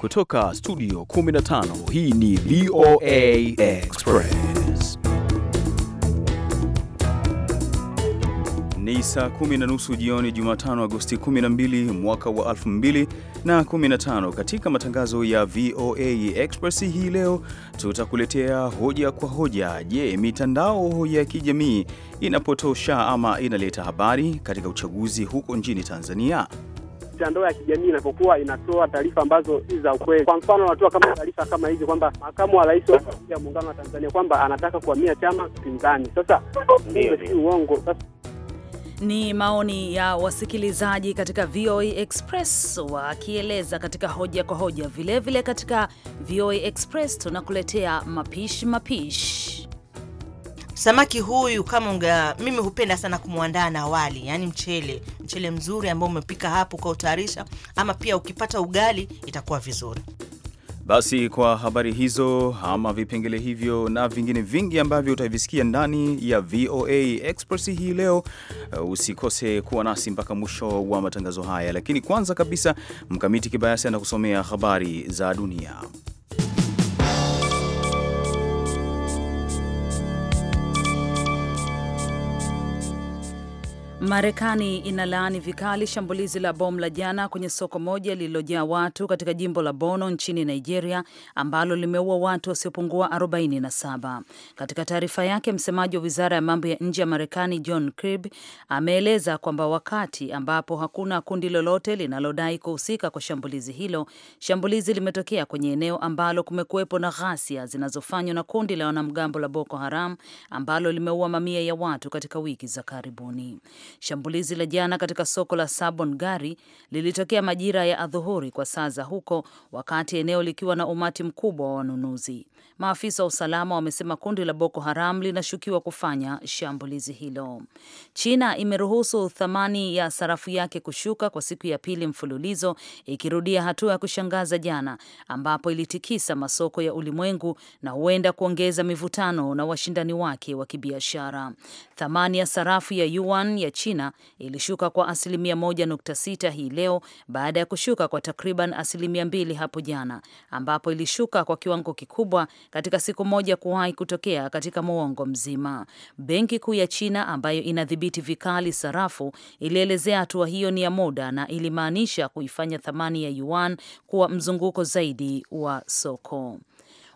Kutoka studio 15 hii ni VOA Express. Ni saa kumi na nusu jioni Jumatano, Agosti 12 mwaka wa 2015. Katika matangazo ya VOA Express hii leo tutakuletea hoja kwa hoja. Je, mitandao ya kijamii inapotosha ama inaleta habari katika uchaguzi huko nchini Tanzania? mitandao ya kijamii inapokuwa inatoa taarifa ambazo si za ukweli. Kwa mfano, wanatoa kama taarifa kama hizi kwamba makamu wa rais wa Jamhuri ya Muungano wa Tanzania kwamba anataka kuhamia chama pinzani. Sasa hiyo si uongo. Sasa ni maoni ya wasikilizaji katika VOA Express wakieleza katika hoja kwa hoja. Vilevile vile katika VOA Express tunakuletea mapishi mapishi Samaki huyu kama unga, mimi hupenda sana kumwandaa na wali, yani mchele, mchele mzuri ambao umepika hapo kwa utayarisha, ama pia ukipata ugali itakuwa vizuri. Basi kwa habari hizo ama vipengele hivyo na vingine vingi ambavyo utavisikia ndani ya VOA Express hii leo, uh, usikose kuwa nasi mpaka mwisho wa matangazo haya. Lakini kwanza kabisa, Mkamiti Kibayasi anakusomea habari za dunia. Marekani inalaani vikali shambulizi la bomu la jana kwenye soko moja lililojaa watu katika jimbo la Bono nchini Nigeria ambalo limeua watu wasiopungua 47. Katika taarifa yake, msemaji wa wizara ya mambo ya nje ya Marekani John Kirby ameeleza kwamba wakati ambapo hakuna kundi lolote linalodai kuhusika kwa shambulizi hilo, shambulizi limetokea kwenye eneo ambalo kumekuwepo na ghasia zinazofanywa na kundi la wanamgambo la Boko Haram ambalo limeua mamia ya watu katika wiki za karibuni. Shambulizi la jana katika soko la Sabon Gari lilitokea majira ya adhuhuri kwa saa za huko, wakati eneo likiwa na umati mkubwa wa wanunuzi. Maafisa wa usalama wamesema kundi la Boko Haram linashukiwa kufanya shambulizi hilo. China imeruhusu thamani ya sarafu yake kushuka kwa siku ya pili mfululizo, ikirudia hatua ya kushangaza jana, ambapo ilitikisa masoko ya ulimwengu na huenda kuongeza mivutano na washindani wake wa kibiashara. Thamani ya sarafu ya yuan ya China ilishuka kwa asilimia 1.6 hii leo baada ya kushuka kwa takriban asilimia mbili hapo jana, ambapo ilishuka kwa kiwango kikubwa katika siku moja kuwahi kutokea katika muongo mzima. Benki Kuu ya China ambayo inadhibiti vikali sarafu ilielezea hatua hiyo ni ya muda na ilimaanisha kuifanya thamani ya yuan kuwa mzunguko zaidi wa soko.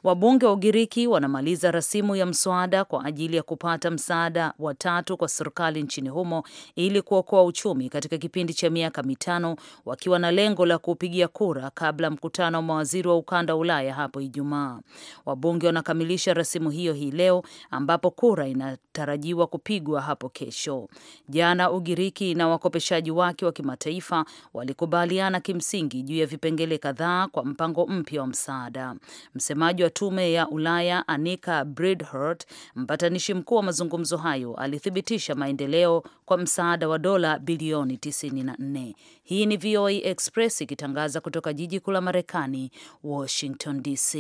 Wabunge wa Ugiriki wanamaliza rasimu ya mswada kwa ajili ya kupata msaada wa tatu kwa serikali nchini humo ili kuokoa uchumi katika kipindi cha miaka mitano, wakiwa na lengo la kuupigia kura kabla mkutano wa mawaziri wa ukanda wa Ulaya hapo Ijumaa. Wabunge wanakamilisha rasimu hiyo hii leo, ambapo kura inatarajiwa kupigwa hapo kesho. Jana Ugiriki na wakopeshaji wake wa kimataifa walikubaliana kimsingi juu ya vipengele kadhaa kwa mpango mpya wa msaada. Msemaji ya tume ya Ulaya Anika Bridhart, mpatanishi mkuu wa mazungumzo hayo, alithibitisha maendeleo kwa msaada wa dola bilioni 94. Hii ni VOA Express ikitangaza kutoka jiji kuu la Marekani, Washington DC.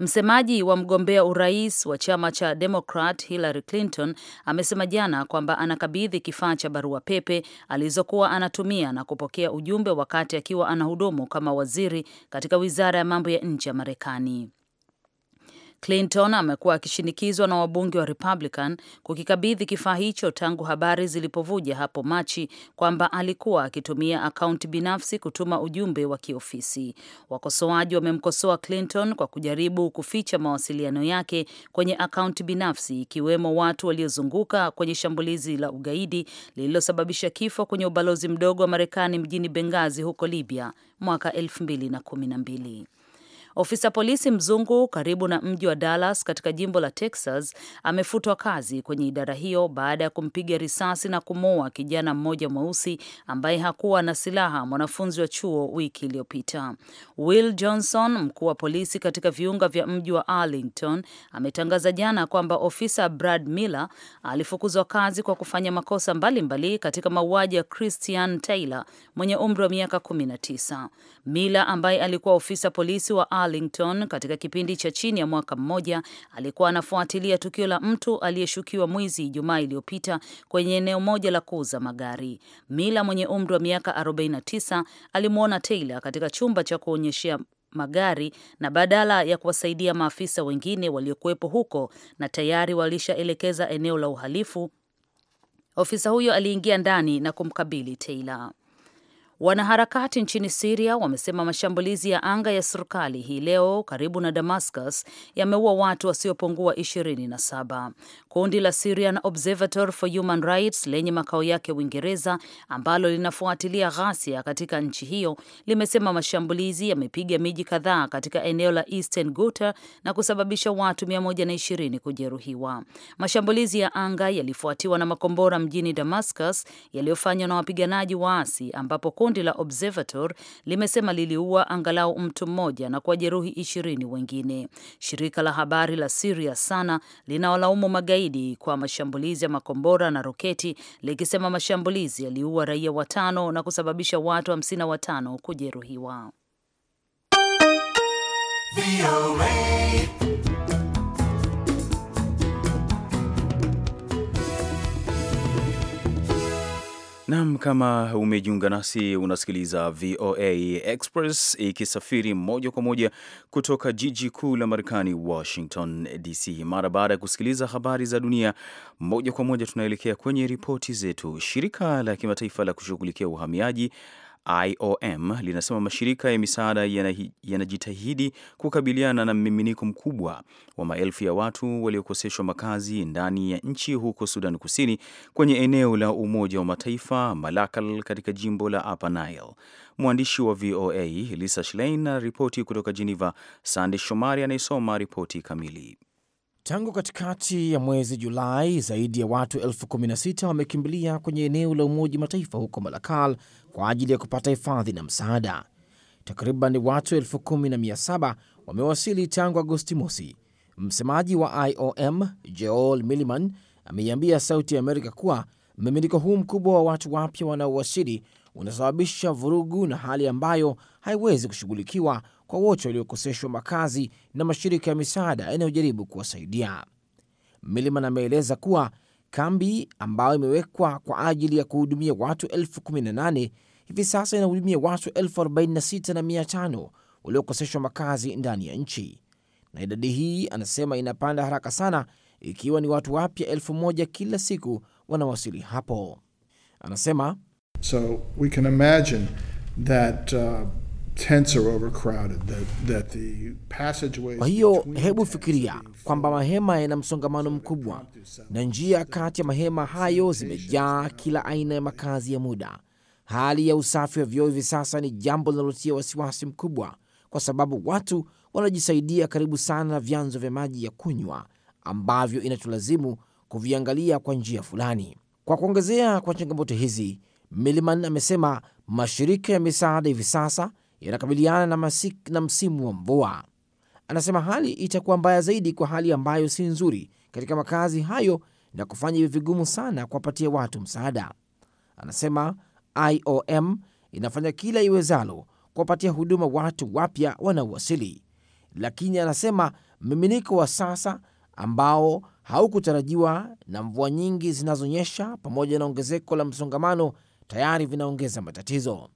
Msemaji wa mgombea urais wa chama cha Democrat Hillary Clinton amesema jana kwamba anakabidhi kifaa cha barua pepe alizokuwa anatumia na kupokea ujumbe wakati akiwa anahudumu kama waziri katika wizara ya mambo ya nje ya Marekani. Clinton amekuwa akishinikizwa na wabunge wa Republican kukikabidhi kifaa hicho tangu habari zilipovuja hapo Machi kwamba alikuwa akitumia akaunti binafsi kutuma ujumbe wa kiofisi. Wakosoaji wamemkosoa Clinton kwa kujaribu kuficha mawasiliano yake kwenye akaunti binafsi, ikiwemo watu waliozunguka kwenye shambulizi la ugaidi lililosababisha kifo kwenye ubalozi mdogo wa Marekani mjini bengazi huko Libya mwaka 2012. Ofisa polisi mzungu karibu na mji wa Dallas katika jimbo la Texas amefutwa kazi kwenye idara hiyo baada ya kumpiga risasi na kumuua kijana mmoja mweusi ambaye hakuwa na silaha, mwanafunzi wa chuo, wiki iliyopita. Will Johnson, mkuu wa polisi katika viunga vya mji wa Arlington, ametangaza jana kwamba ofisa Brad Miller alifukuzwa kazi kwa kufanya makosa mbalimbali mbali katika mauaji ya Christian Taylor mwenye umri wa miaka 19. Miller ambaye alikuwa ofisa polisi wa Arlington, Arlington katika kipindi cha chini ya mwaka mmoja alikuwa anafuatilia tukio la mtu aliyeshukiwa mwizi Ijumaa iliyopita kwenye eneo moja la kuuza magari. Mila mwenye umri wa miaka 49 alimwona Taylor katika chumba cha kuonyeshea magari na badala ya kuwasaidia maafisa wengine waliokuwepo huko na tayari walishaelekeza eneo la uhalifu, ofisa huyo aliingia ndani na kumkabili Taylor. Wanaharakati nchini Siria wamesema mashambulizi ya anga ya serikali hii leo karibu na Damascus yameua watu wasiopungua 27. Kundi la Syrian Observatory for Human Rights lenye makao yake Uingereza, ambalo linafuatilia ghasia katika nchi hiyo, limesema mashambulizi yamepiga miji kadhaa katika eneo la Eastern Ghouta na kusababisha watu 120 kujeruhiwa. Mashambulizi ya anga yalifuatiwa na makombora mjini Damascus yaliyofanywa na wapiganaji waasi ambapo kundi la Observator limesema liliua angalau mtu mmoja na kuwajeruhi ishirini wengine. Shirika la habari la Siria Sana linawalaumu magaidi kwa mashambulizi ya makombora na roketi, likisema mashambulizi yaliua raia watano na kusababisha watu hamsini na watano kujeruhiwa. Nam, kama umejiunga nasi, unasikiliza VOA Express ikisafiri moja kwa moja kutoka jiji kuu la Marekani, Washington DC. Mara baada ya kusikiliza habari za dunia moja kwa moja, tunaelekea kwenye ripoti zetu. Shirika la kimataifa la kushughulikia uhamiaji IOM linasema mashirika ya misaada yanajitahidi kukabiliana na mmiminiko mkubwa wa maelfu ya watu waliokoseshwa makazi ndani ya nchi huko Sudan Kusini kwenye eneo la Umoja wa Mataifa Malakal katika jimbo la Upper Nile. Mwandishi wa VOA Lisa Schlein na ripoti kutoka Geneva. Sande Shomari anayesoma ripoti kamili. Tangu katikati ya mwezi Julai, zaidi ya watu elfu 16 wamekimbilia kwenye eneo la Umoja Mataifa huko Malakal kwa ajili ya kupata hifadhi na msaada. Takriban watu elfu kumi na mia saba wamewasili tangu Agosti mosi. Msemaji wa IOM Joel Milliman ameiambia Sauti ya Amerika kuwa mmiminiko huu mkubwa wa watu wapya wanaowasili unasababisha vurugu na hali ambayo haiwezi kushughulikiwa kwa wote waliokoseshwa makazi na mashirika ya misaada yanayojaribu kuwasaidia. Miliman ameeleza kuwa kambi ambayo imewekwa kwa ajili ya kuhudumia watu elfu kumi na nane hivi sasa inahudumia watu elfu arobaini na sita na mia tano waliokoseshwa makazi ndani ya nchi, na idadi hii anasema inapanda haraka sana, ikiwa ni watu wapya elfu moja kila siku wanawasili hapo. Anasema so we can imagine that, uh... Kwa hiyo hebu fikiria kwamba mahema yana msongamano mkubwa, na njia kati ya mahema hayo zimejaa kila aina ya makazi ya muda. Hali ya usafi wa vyoo hivi sasa ni jambo linalotia wasiwasi mkubwa, kwa sababu watu wanajisaidia karibu sana na vyanzo vya maji ya kunywa ambavyo inatulazimu kuviangalia kwa njia fulani. Kwa kuongezea kwa changamoto hizi, milman amesema mashirika ya misaada hivi sasa yanakabiliana na, na msimu wa mvua. Anasema hali itakuwa mbaya zaidi kwa hali ambayo si nzuri katika makazi hayo na kufanya iwe vigumu sana kuwapatia watu msaada. Anasema IOM inafanya kila iwezalo kuwapatia huduma watu wapya wanaowasili, lakini anasema mmiminiko wa sasa ambao haukutarajiwa na mvua nyingi zinazonyesha pamoja na ongezeko la msongamano tayari vinaongeza matatizo.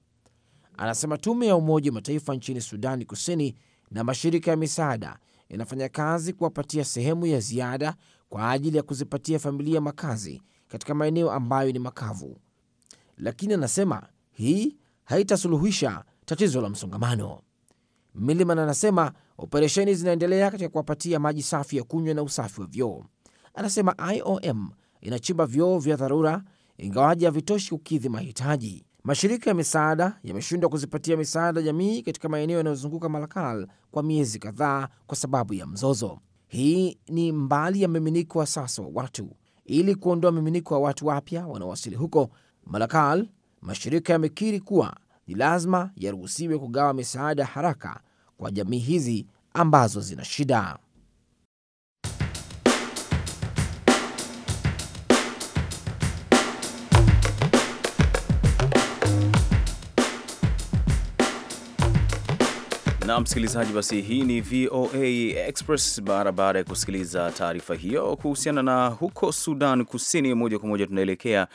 Anasema tume ya Umoja wa Mataifa nchini Sudani Kusini na mashirika ya misaada yanafanya kazi kuwapatia sehemu ya ziada kwa ajili ya kuzipatia familia makazi katika maeneo ambayo ni makavu, lakini anasema hii haitasuluhisha tatizo la msongamano. Miliman anasema operesheni zinaendelea katika kuwapatia maji safi ya kunywa na usafi wa vyoo. Anasema IOM inachimba vyoo vya dharura ingawaji havitoshi kukidhi mahitaji, Mashirika ya misaada yameshindwa kuzipatia misaada jamii katika maeneo yanayozunguka Malakal kwa miezi kadhaa kwa sababu ya mzozo. Hii ni mbali ya mmiminiko wa sasa wa watu. Ili kuondoa mmiminiko wa watu wapya wanaowasili huko Malakal, mashirika yamekiri kuwa ni lazima yaruhusiwe kugawa misaada haraka kwa jamii hizi ambazo zina shida. na msikilizaji, basi hii ni VOA Express. Mara baada ya kusikiliza taarifa hiyo kuhusiana na huko Sudan Kusini, moja kwa moja tunaelekea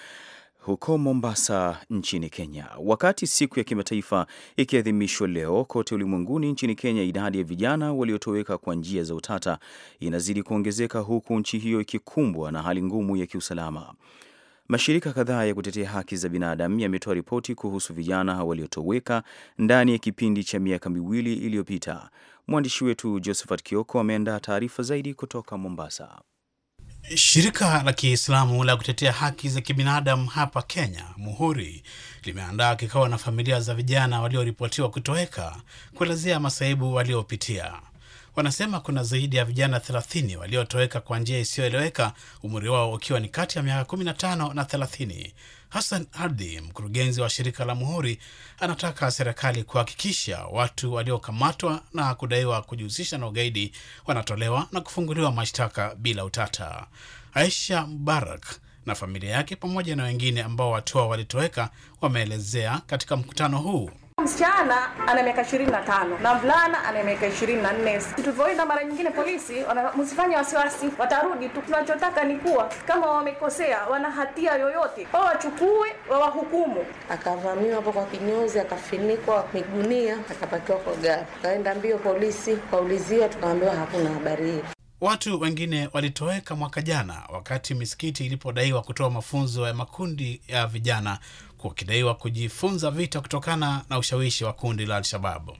huko Mombasa nchini Kenya. Wakati siku ya kimataifa ikiadhimishwa leo kote ulimwenguni, nchini Kenya idadi ya vijana waliotoweka kwa njia za utata inazidi kuongezeka, huku nchi hiyo ikikumbwa na hali ngumu ya kiusalama. Mashirika kadhaa ya kutetea haki za binadamu yametoa ripoti kuhusu vijana waliotoweka ndani ya kipindi cha miaka miwili iliyopita. Mwandishi wetu Josephat Kioko ameandaa taarifa zaidi kutoka Mombasa. Shirika la Kiislamu la kutetea haki za kibinadamu hapa Kenya, Muhuri, limeandaa kikao na familia za vijana walioripotiwa kutoweka kuelezea masaibu waliopitia wanasema kuna zaidi ya vijana 30 waliotoweka kwa njia isiyoeleweka, umri wao ukiwa ni kati ya miaka 15 na 30. Hassan Ardi, mkurugenzi wa shirika la Muhuri, anataka serikali kuhakikisha watu waliokamatwa na kudaiwa kujihusisha na ugaidi wanatolewa na kufunguliwa mashtaka bila utata. Aisha Mubarak na familia yake pamoja na wengine ambao watu wao walitoweka wameelezea katika mkutano huu. Msichana ana miaka 25 na mvulana ana miaka 24. Tulivyoenda mara nyingine polisi, msifanye wasiwasi, watarudi tu. Tunachotaka ni kuwa kama wamekosea, wana hatia yoyote, wachukue wawahukumu. Akavamiwa hapo kwa kinyozi, akafinikwa migunia, akapakiwa kwa gari, akaenda mbio polisi, kaulizia tukaambiwa hakuna habari hii Watu wengine walitoweka mwaka jana wakati misikiti ilipodaiwa kutoa mafunzo ya makundi ya vijana kukidaiwa kujifunza vita kutokana na ushawishi wa kundi la Al-Shababu.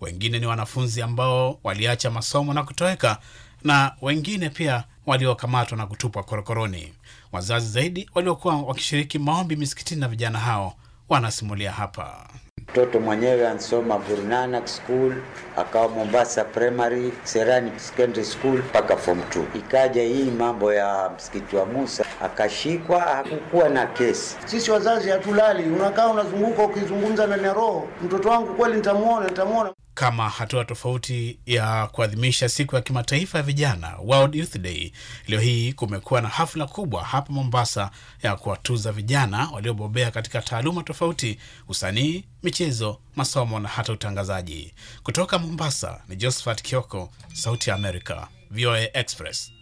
Wengine ni wanafunzi ambao waliacha masomo na kutoweka, na wengine pia waliokamatwa na kutupwa korokoroni. Wazazi zaidi waliokuwa wakishiriki maombi misikitini na vijana hao wanasimulia hapa. Mtoto mwenyewe ansoma Burnanak School, akawa Mombasa Primary, Serani Secondary School mpaka form 2. Ikaja hii mambo ya msikiti wa Musa, akashikwa, hakukuwa na kesi. Sisi wazazi hatulali, unakaa unazunguka ukizungumza ndani ya roho, mtoto wangu kweli nitamuona, nitamuona kama hatua tofauti ya kuadhimisha siku ya kimataifa ya vijana World Youth Day. Leo hii kumekuwa na hafla kubwa hapa Mombasa ya kuwatuza vijana waliobobea katika taaluma tofauti: usanii, michezo, masomo na hata utangazaji. Kutoka Mombasa ni Josephat Kioko, Sauti ya America, VOA Express.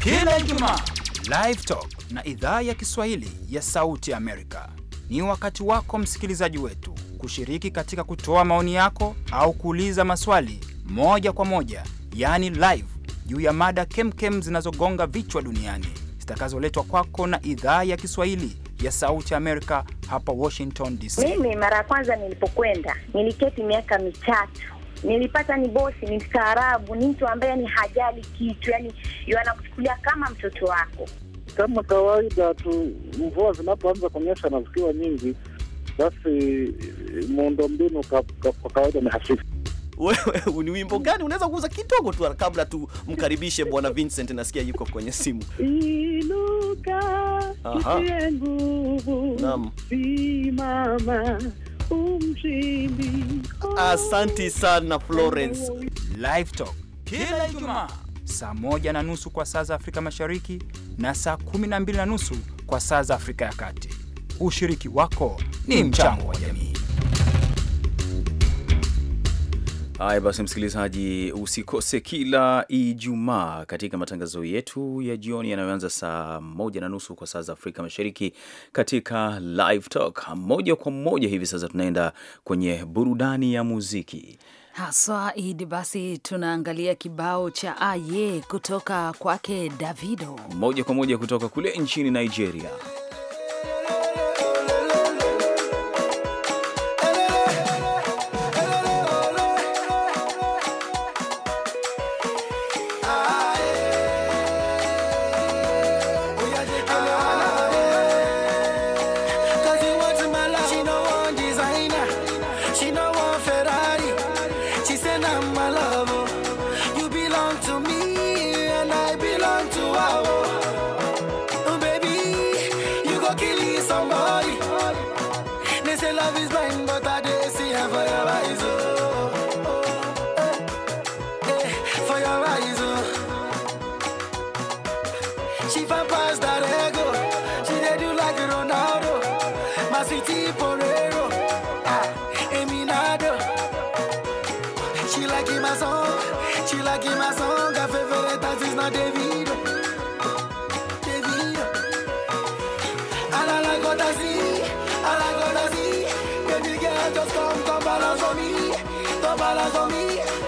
kila Ijumaa. Live Talk na idhaa ya Kiswahili ya Sauti Amerika ni wakati wako msikilizaji wetu kushiriki katika kutoa maoni yako au kuuliza maswali moja kwa moja, yani live, juu ya mada kemkem zinazogonga vichwa duniani zitakazoletwa kwako na idhaa ya Kiswahili ya Sauti Amerika hapa Washington DC. Mimi mara ya kwanza nilipokwenda niliketi miaka mitatu nilipata ni bosi, ni mstaarabu, ni mtu ambaye ni hajali kitu, yani yanakuchukulia kama mtoto wako kama kawaida tu, mvua zinapoanza kuonyesha na zikiwa nyingi, basi eh, muundombinu kwa ka, ka, kawaida ni hafifu. Wewe ni wimbo gani unaweza kuuza kidogo tu kabla tumkaribishe Bwana Vincent, nasikia yuko kwenye simu. Inuka kitie nguvu, simama umshindi. Asanti sana oh, Florence. Oh, oh. Live Talk kila Ijumaa saa moja na nusu kwa saa za Afrika Mashariki na saa 12 na nusu kwa saa za Afrika ya Kati. Ushiriki wako ni mchango wa jamii. Haya basi, msikilizaji, usikose kila Ijumaa katika matangazo yetu ya jioni yanayoanza saa moja na nusu kwa saa za Afrika Mashariki katika Live Talk. Moja kwa moja hivi sasa tunaenda kwenye burudani ya muziki haswa Idi. Basi tunaangalia kibao cha aye kutoka kwake Davido moja kwa moja kutoka kule nchini Nigeria. just come, come balance on me, come balance on me.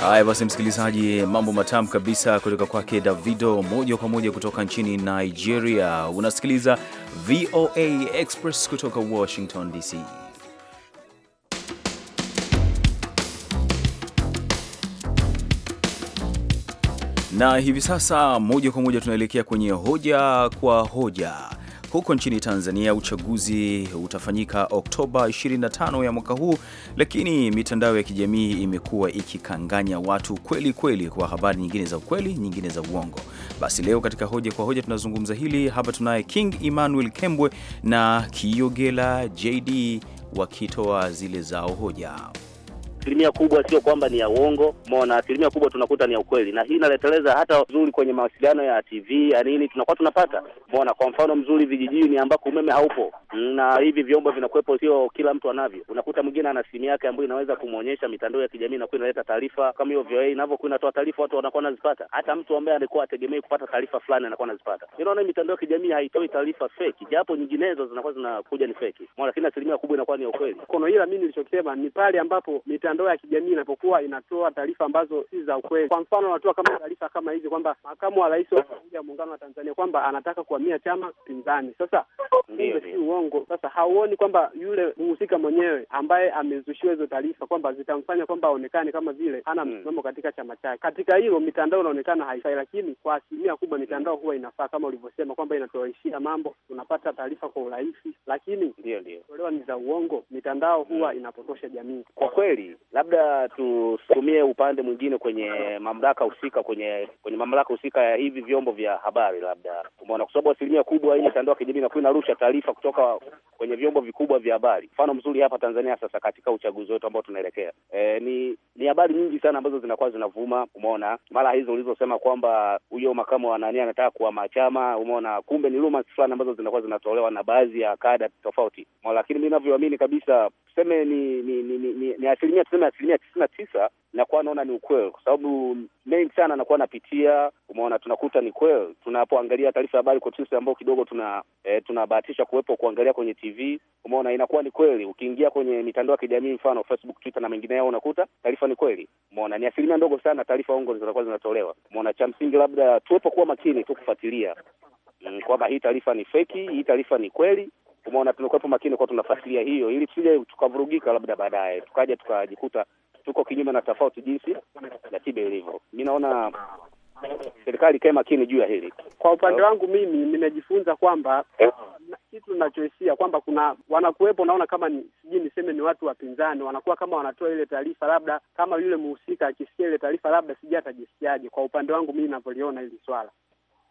Haya basi, msikilizaji, mambo matamu kabisa kutoka kwake Davido, moja kwa moja kutoka nchini Nigeria. Unasikiliza VOA Express kutoka Washington DC. na hivi sasa moja kwa moja tunaelekea kwenye hoja kwa hoja. Huko nchini Tanzania uchaguzi utafanyika Oktoba 25 ya mwaka huu, lakini mitandao ya kijamii imekuwa ikikanganya watu kweli kweli, kwa habari nyingine za ukweli, nyingine za uongo. Basi leo katika hoja kwa hoja tunazungumza hili hapa. Tunaye King Emmanuel Kembwe na Kiogela JD wakitoa zile zao hoja asilimia kubwa sio kwamba ni ya uongo, umeona, asilimia kubwa tunakuta ni ya ukweli, na hii inaleteleza hata zuri kwenye mawasiliano ya TV ya nini tunakuwa tunapata, umeona, kwa mfano mzuri vijijini ambako umeme haupo na hivi vyombo vinakuwepo, sio kila mtu anavyo. Unakuta mwingine ana simu yake ambayo inaweza kumwonyesha mitandao ya kijamii, inakuwa inaleta taarifa kama hiyo VOA inavyokuwa inatoa taarifa, watu wanakuwa wanazipata. Hata mtu ambaye alikuwa ategemei kupata taarifa fulani anakuwa anazipata. Inaona yaani mitandao ya kijamii haitoi taarifa feki, japo nyinginezo zinakuwa zinakuja ni feki, lakini asilimia kubwa inakuwa ni ya ukweli. Kono, hila mimi nilichokisema ni pale ambapo mitandao mitandao ya kijamii inapokuwa inatoa taarifa ambazo si za ukweli. Kwa mfano, anatoa kama taarifa kama hizi kwamba makamu wa rais wa Jamhuri ya Muungano wa Tanzania kwamba anataka kuhamia chama pinzani. Sasa hizo si uongo. Sasa hauoni kwamba yule mhusika mwenyewe ambaye amezushiwa hizo taarifa kwamba zitamfanya kwamba aonekane kama vile hana hmm. msimamo katika chama chake? Katika hilo mitandao inaonekana haifai, lakini kwa asilimia kubwa mitandao huwa inafaa kama ulivyosema kwamba inatoaishia mambo, unapata taarifa kwa urahisi, lakini ndio ndio tolewa ni za uongo. Mitandao huwa hmm. inapotosha jamii kwa kweli. Labda tusukumie upande mwingine kwenye mamlaka husika, kwenye kwenye mamlaka husika ya hivi vyombo vya habari, labda umeona, kwa sababu asilimia kubwa hii mitandao ya kijamii inakuwa inarusha taarifa kutoka kwenye vyombo vikubwa vya habari. Mfano mzuri hapa Tanzania sasa katika uchaguzi wetu ambao tunaelekea e, ni ni habari nyingi sana ambazo zinakuwa zinavuma, umeona, mara hizo ulizosema kwamba huyo makamu wa nani anataka kuwa machama, umeona, kumbe ni rumors fulani ambazo zinakuwa zinatolewa na baadhi ya kada tofauti, lakini mimi ninavyoamini kabisa tuseme ni ni, ni, ni, ni asilimia tuseme asilimia tisini na tisa nakuwa naona ni ukweli, kwa sababu mengi sana nakuwa napitia, umeona, tunakuta ni kweli tunapoangalia taarifa habari kwa sisi ambao kidogo tuna e, tunabahatisha kuwepo kuangalia kwenye TV, umeona, inakuwa ni kweli. Ukiingia kwenye mitandao ya kijamii mfano Facebook, Twitter na mengineo, unakuta taarifa ni kweli, umeona, ni asilimia ndogo sana taarifa ongo zinakuwa zinatolewa, umeona. Cha msingi labda tuwepo kuwa makini tu kufuatilia mm, kwamba hii taarifa ni feki, hii taarifa ni kweli, umeona, tunakuwepo makini kwa tunafuatilia hiyo, ili tusije tukavurugika, labda baadaye tukaja tukajikuta tuko kinyume na tofauti jinsi ratiba ilivyo. Mi naona serikali ikae makini juu ya hili. Kwa upande wangu mimi nimejifunza kwamba kitu ninachohisia kwamba kuna wanakuwepo, naona kama ni sijui niseme ni watu wapinzani, wanakuwa kama wanatoa ile taarifa, labda kama yule mhusika akisikia ile taarifa, labda sijui atajisikiaje. Kwa upande wangu mimi ninavyoliona hili swala,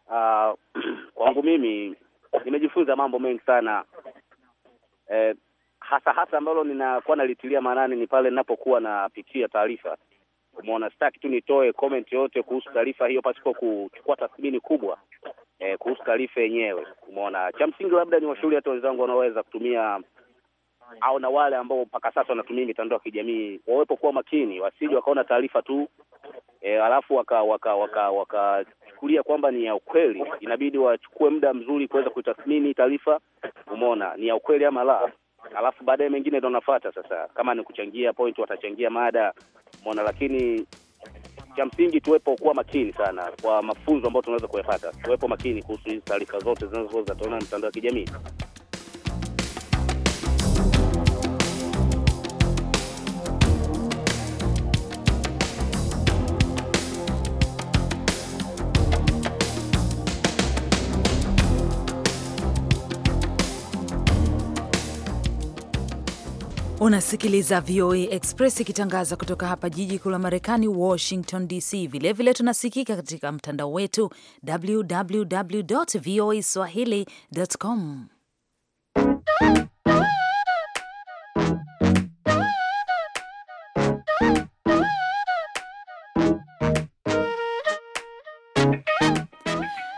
uh, kwangu mimi nimejifunza mambo mengi sana eh, hasa hasa ambalo ninakuwa nalitilia maanani ni pale ninapokuwa napitia taarifa. Umeona, sitaki tu nitoe comment yoyote kuhusu taarifa hiyo pasipo kuchukua tathmini kubwa eh, kuhusu taarifa yenyewe. Umeona, cha msingi labda ni washauri hata wenzangu wanaoweza kutumia au na wale ambao mpaka sasa wanatumia mitandao ya kijamii wawepo kuwa makini, wasije wakaona taarifa tu e, alafu waka waka waka wanachukulia kwamba ni ya ukweli, inabidi wachukue muda mzuri kuweza kutathmini taarifa, umeona ni ya ukweli ama la, alafu baadaye mengine ndo nafata. sasa. Kama ni kuchangia point, watachangia mada, umeona. Lakini cha msingi tuwepo kuwa makini sana kwa mafunzo ambayo tunaweza kuyapata, tuwepo makini kuhusu hizi taarifa zote zinazoweza tuona mtandao ya kijamii. Unasikiliza VOA Express ikitangaza kutoka hapa jiji kuu la Marekani, Washington DC. Vilevile vile tunasikika katika mtandao wetu www voa swahili.com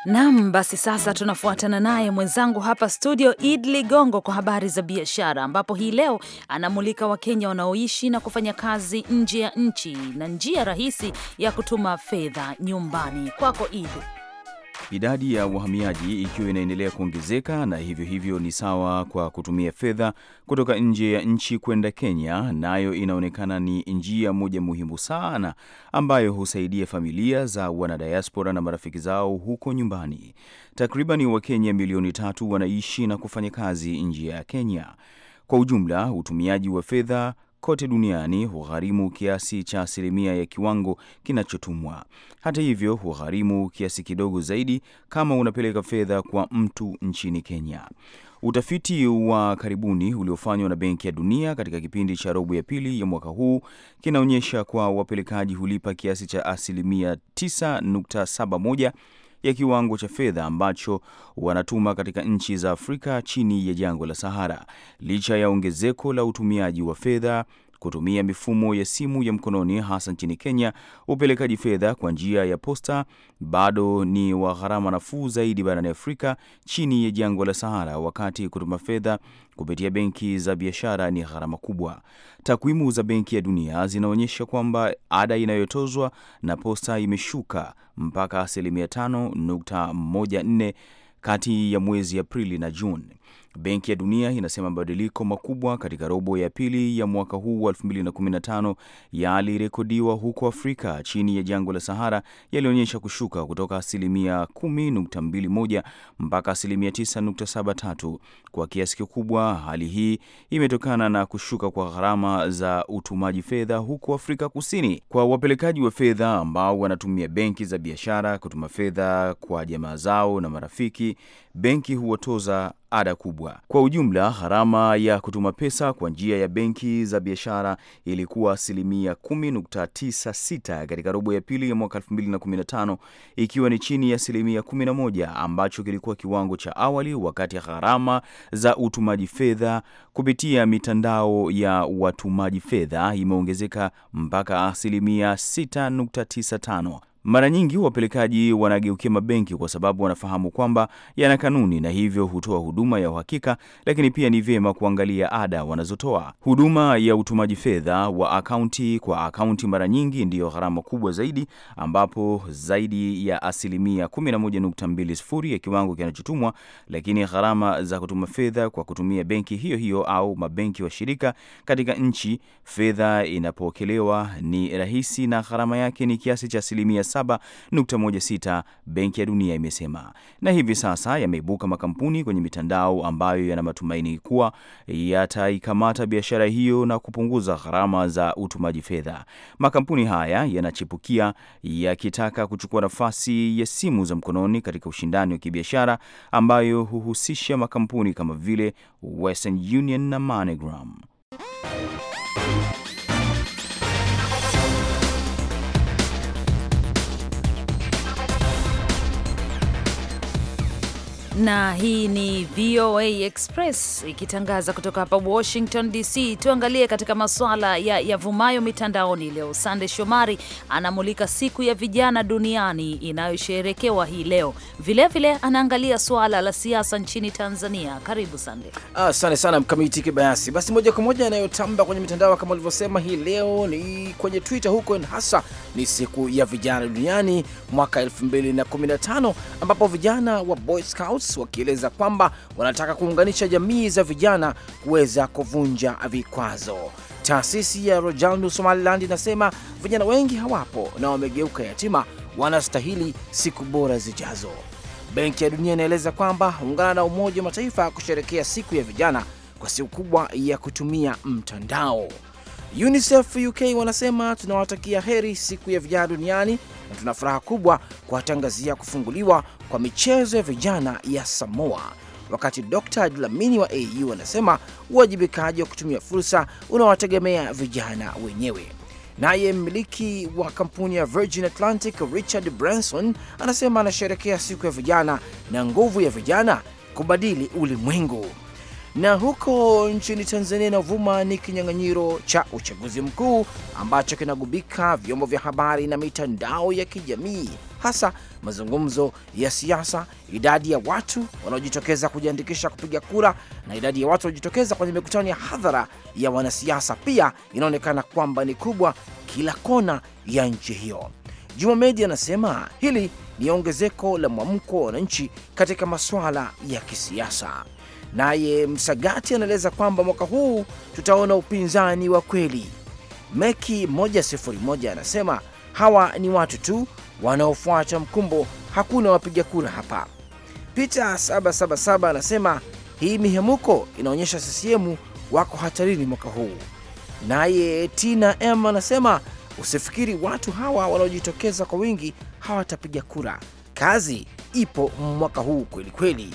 Nam, basi sasa tunafuatana naye mwenzangu hapa studio Id Ligongo kwa habari za biashara, ambapo hii leo anamulika Wakenya wanaoishi na kufanya kazi nje ya nchi na njia rahisi ya kutuma fedha nyumbani. Kwako idi Idadi ya wahamiaji ikiwa inaendelea kuongezeka, na hivyo hivyo ni sawa kwa kutumia fedha kutoka nje ya nchi kwenda Kenya, nayo inaonekana ni njia moja muhimu sana ambayo husaidia familia za wanadiaspora na marafiki zao huko nyumbani. Takribani Wakenya milioni tatu wanaishi na kufanya kazi nje ya Kenya. Kwa ujumla, utumiaji wa fedha kote duniani hugharimu kiasi cha asilimia ya kiwango kinachotumwa. Hata hivyo, hugharimu kiasi kidogo zaidi kama unapeleka fedha kwa mtu nchini Kenya. Utafiti wa karibuni uliofanywa na Benki ya Dunia katika kipindi cha robo ya pili ya mwaka huu kinaonyesha kwa wapelekaji hulipa kiasi cha asilimia 9.71 ya kiwango cha fedha ambacho wanatuma katika nchi za Afrika chini ya jangwa la Sahara. Licha ya ongezeko la utumiaji wa fedha kutumia mifumo ya simu ya mkononi, hasa nchini Kenya. Upelekaji fedha kwa njia ya posta bado ni wa gharama nafuu zaidi barani Afrika chini ya jangwa la Sahara, wakati kutuma fedha kupitia benki za biashara ni gharama kubwa. Takwimu za Benki ya Dunia zinaonyesha kwamba ada inayotozwa na posta imeshuka mpaka asilimia 5.14 kati ya mwezi Aprili na Juni. Benki ya Dunia inasema mabadiliko makubwa katika robo ya pili ya mwaka huu wa 2015 yalirekodiwa huko Afrika chini ya jangwa la Sahara, yalionyesha kushuka kutoka asilimia 10.21 mpaka asilimia 9.73. Kwa kiasi kikubwa, hali hii imetokana na kushuka kwa gharama za utumaji fedha huko Afrika Kusini kwa wapelekaji wa fedha ambao wanatumia benki za biashara kutuma fedha kwa jamaa zao na marafiki benki huwatoza ada kubwa. Kwa ujumla, gharama ya kutuma pesa kwa njia ya benki za biashara ilikuwa asilimia 10.96 katika robo ya pili ya mwaka 2015 ikiwa ni chini ya asilimia 11 ambacho kilikuwa kiwango cha awali, wakati gharama za utumaji fedha kupitia mitandao ya watumaji fedha imeongezeka mpaka asilimia 6.95 mara nyingi wapelekaji wanageukia mabenki kwa sababu wanafahamu kwamba yana kanuni na hivyo hutoa huduma ya uhakika, lakini pia ni vyema kuangalia ada wanazotoa. Huduma ya utumaji fedha wa akaunti kwa akaunti mara nyingi ndiyo gharama kubwa zaidi, ambapo zaidi ya asilimia 11.20 ya kiwango kinachotumwa, lakini gharama za kutuma fedha kwa kutumia benki hiyo hiyo au mabenki washirika katika nchi, fedha inapokelewa ni rahisi na gharama yake ni kiasi cha asilimia 7.16 Benki ya Dunia imesema. Na hivi sasa yameibuka makampuni kwenye mitandao ambayo yana matumaini kuwa yataikamata biashara hiyo na kupunguza gharama za utumaji fedha. Makampuni haya yanachipukia yakitaka kuchukua nafasi ya simu za mkononi katika ushindani wa kibiashara ambayo huhusisha makampuni kama vile Western Union na MoneyGram. na hii ni VOA Express ikitangaza kutoka hapa Washington DC. Tuangalie katika masuala ya yavumayo mitandaoni leo. Sande Shomari anamulika siku ya vijana duniani inayosherekewa hii leo, vilevile anaangalia suala la siasa nchini Tanzania. Karibu Sande. Asante ah, sana Mkamiti Kibayasi. Basi moja kwa moja yanayotamba kwenye mitandao kama ulivyosema, hii leo ni kwenye Twitter huko hasa ni siku ya vijana duniani mwaka 2015 ambapo vijana wa Boy Scouts rais wakieleza kwamba wanataka kuunganisha jamii za vijana kuweza kuvunja vikwazo. Taasisi ya Rojalnu Somaliland inasema vijana wengi hawapo na wamegeuka yatima, wanastahili siku bora zijazo. Benki ya Dunia inaeleza kwamba ungana na Umoja wa Mataifa kusherekea siku ya vijana kwa siku kubwa ya kutumia mtandao. UNICEF UK wanasema tunawatakia heri siku ya vijana duniani na tuna furaha kubwa kuwatangazia kufunguliwa kwa michezo ya vijana ya Samoa, wakati Dr. Dlamini wa AU anasema uwajibikaji wa kutumia fursa unawategemea vijana wenyewe. Naye mmiliki wa kampuni ya Virgin Atlantic Richard Branson anasema anasherekea siku ya vijana na nguvu ya vijana kubadili ulimwengu. Na huko nchini Tanzania inavuma ni kinyang'anyiro cha uchaguzi mkuu ambacho kinagubika vyombo vya habari na mitandao ya kijamii hasa mazungumzo ya siasa, idadi ya watu wanaojitokeza kujiandikisha kupiga kura na idadi ya watu wanaojitokeza kwenye mikutano ya hadhara ya wanasiasa pia inaonekana kwamba ni kubwa kila kona ya nchi hiyo. Juma Medi anasema hili ni ongezeko la mwamko wa wananchi katika masuala ya kisiasa. Naye Msagati anaeleza kwamba mwaka huu tutaona upinzani wa kweli. Meki 101 anasema hawa ni watu tu wanaofuata mkumbo, hakuna wapiga kura hapa. Peter 777 anasema hii mihemuko inaonyesha CCM wako hatarini mwaka huu. Naye Tina M anasema usifikiri watu hawa wanaojitokeza kwa wingi hawatapiga kura, kazi ipo mwaka huu kweli kweli.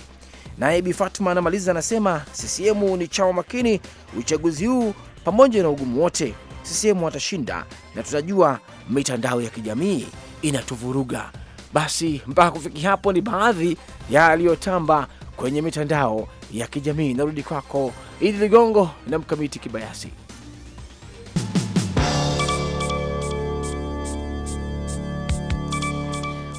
Naye Bi Fatuma anamaliza anasema CCM ni chama makini uchaguzi huu, pamoja na ugumu wote CCM watashinda, na tunajua mitandao ya kijamii inatuvuruga. Basi mpaka kufikia hapo ni baadhi ya yaliyotamba kwenye mitandao ya kijamii. Narudi kwako Idi Ligongo na Mkamiti Kibayasi.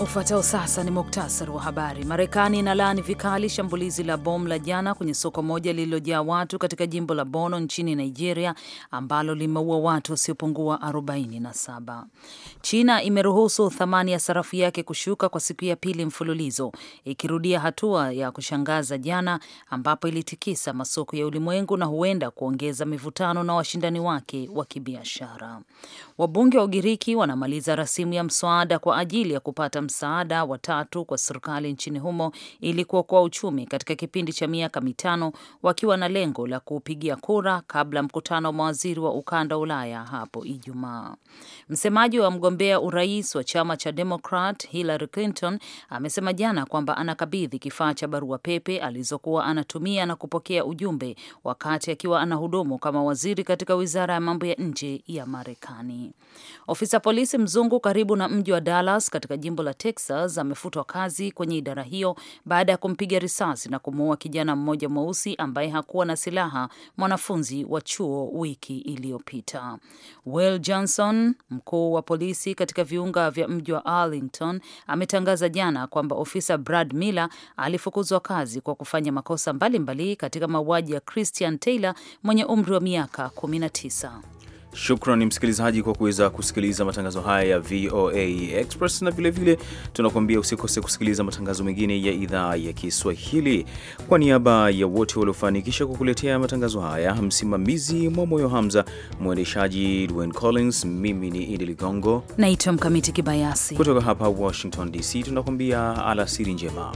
Ufuatao sasa ni muktasari wa habari. Marekani inalaani vikali shambulizi la bomu la jana kwenye soko moja lililojaa watu katika jimbo la Bono nchini Nigeria, ambalo limeua watu wasiopungua 47. China imeruhusu thamani ya sarafu yake kushuka kwa siku ya pili mfululizo, ikirudia hatua ya kushangaza jana, ambapo ilitikisa masoko ya ulimwengu na huenda kuongeza mivutano na washindani wake wa kibiashara. Wabunge wa Ugiriki wanamaliza rasimu ya mswada kwa ajili ya kupata msaada wa tatu kwa serikali nchini humo ili kuokoa uchumi katika kipindi cha miaka mitano, wakiwa na lengo la kuupigia kura kabla mkutano wa mawaziri wa ukanda wa Ulaya hapo Ijumaa. Msemaji wa mgombea urais wa chama cha Demokrat Hillary Clinton amesema jana kwamba anakabidhi kifaa cha barua pepe alizokuwa anatumia na kupokea ujumbe wakati akiwa anahudumu kama waziri katika wizara ya mambo ya nje ya Marekani. Ofisa polisi mzungu karibu na mji wa Dallas katika jimbo la Texas amefutwa kazi kwenye idara hiyo baada ya kumpiga risasi na kumuua kijana mmoja mweusi ambaye hakuwa na silaha, mwanafunzi wa chuo wiki iliyopita. Will Johnson, mkuu wa polisi katika viunga vya mji wa Arlington, ametangaza jana kwamba ofisa Brad Miller alifukuzwa kazi kwa kufanya makosa mbalimbali mbali katika mauaji ya Christian Taylor mwenye umri wa miaka 19. Shukrani msikilizaji kwa kuweza kusikiliza matangazo haya ya VOA Express, na vilevile tunakuambia usikose kusikiliza matangazo mengine ya idhaa ya Kiswahili. Kwa niaba ya wote waliofanikisha kukuletea matangazo haya, msimamizi Mwamoyo Hamza, mwendeshaji Dwayne Collins, mimi ni Idi Ligongo naitwa Mkamiti Kibayasi kutoka hapa Washington DC, tunakuambia alasiri njema.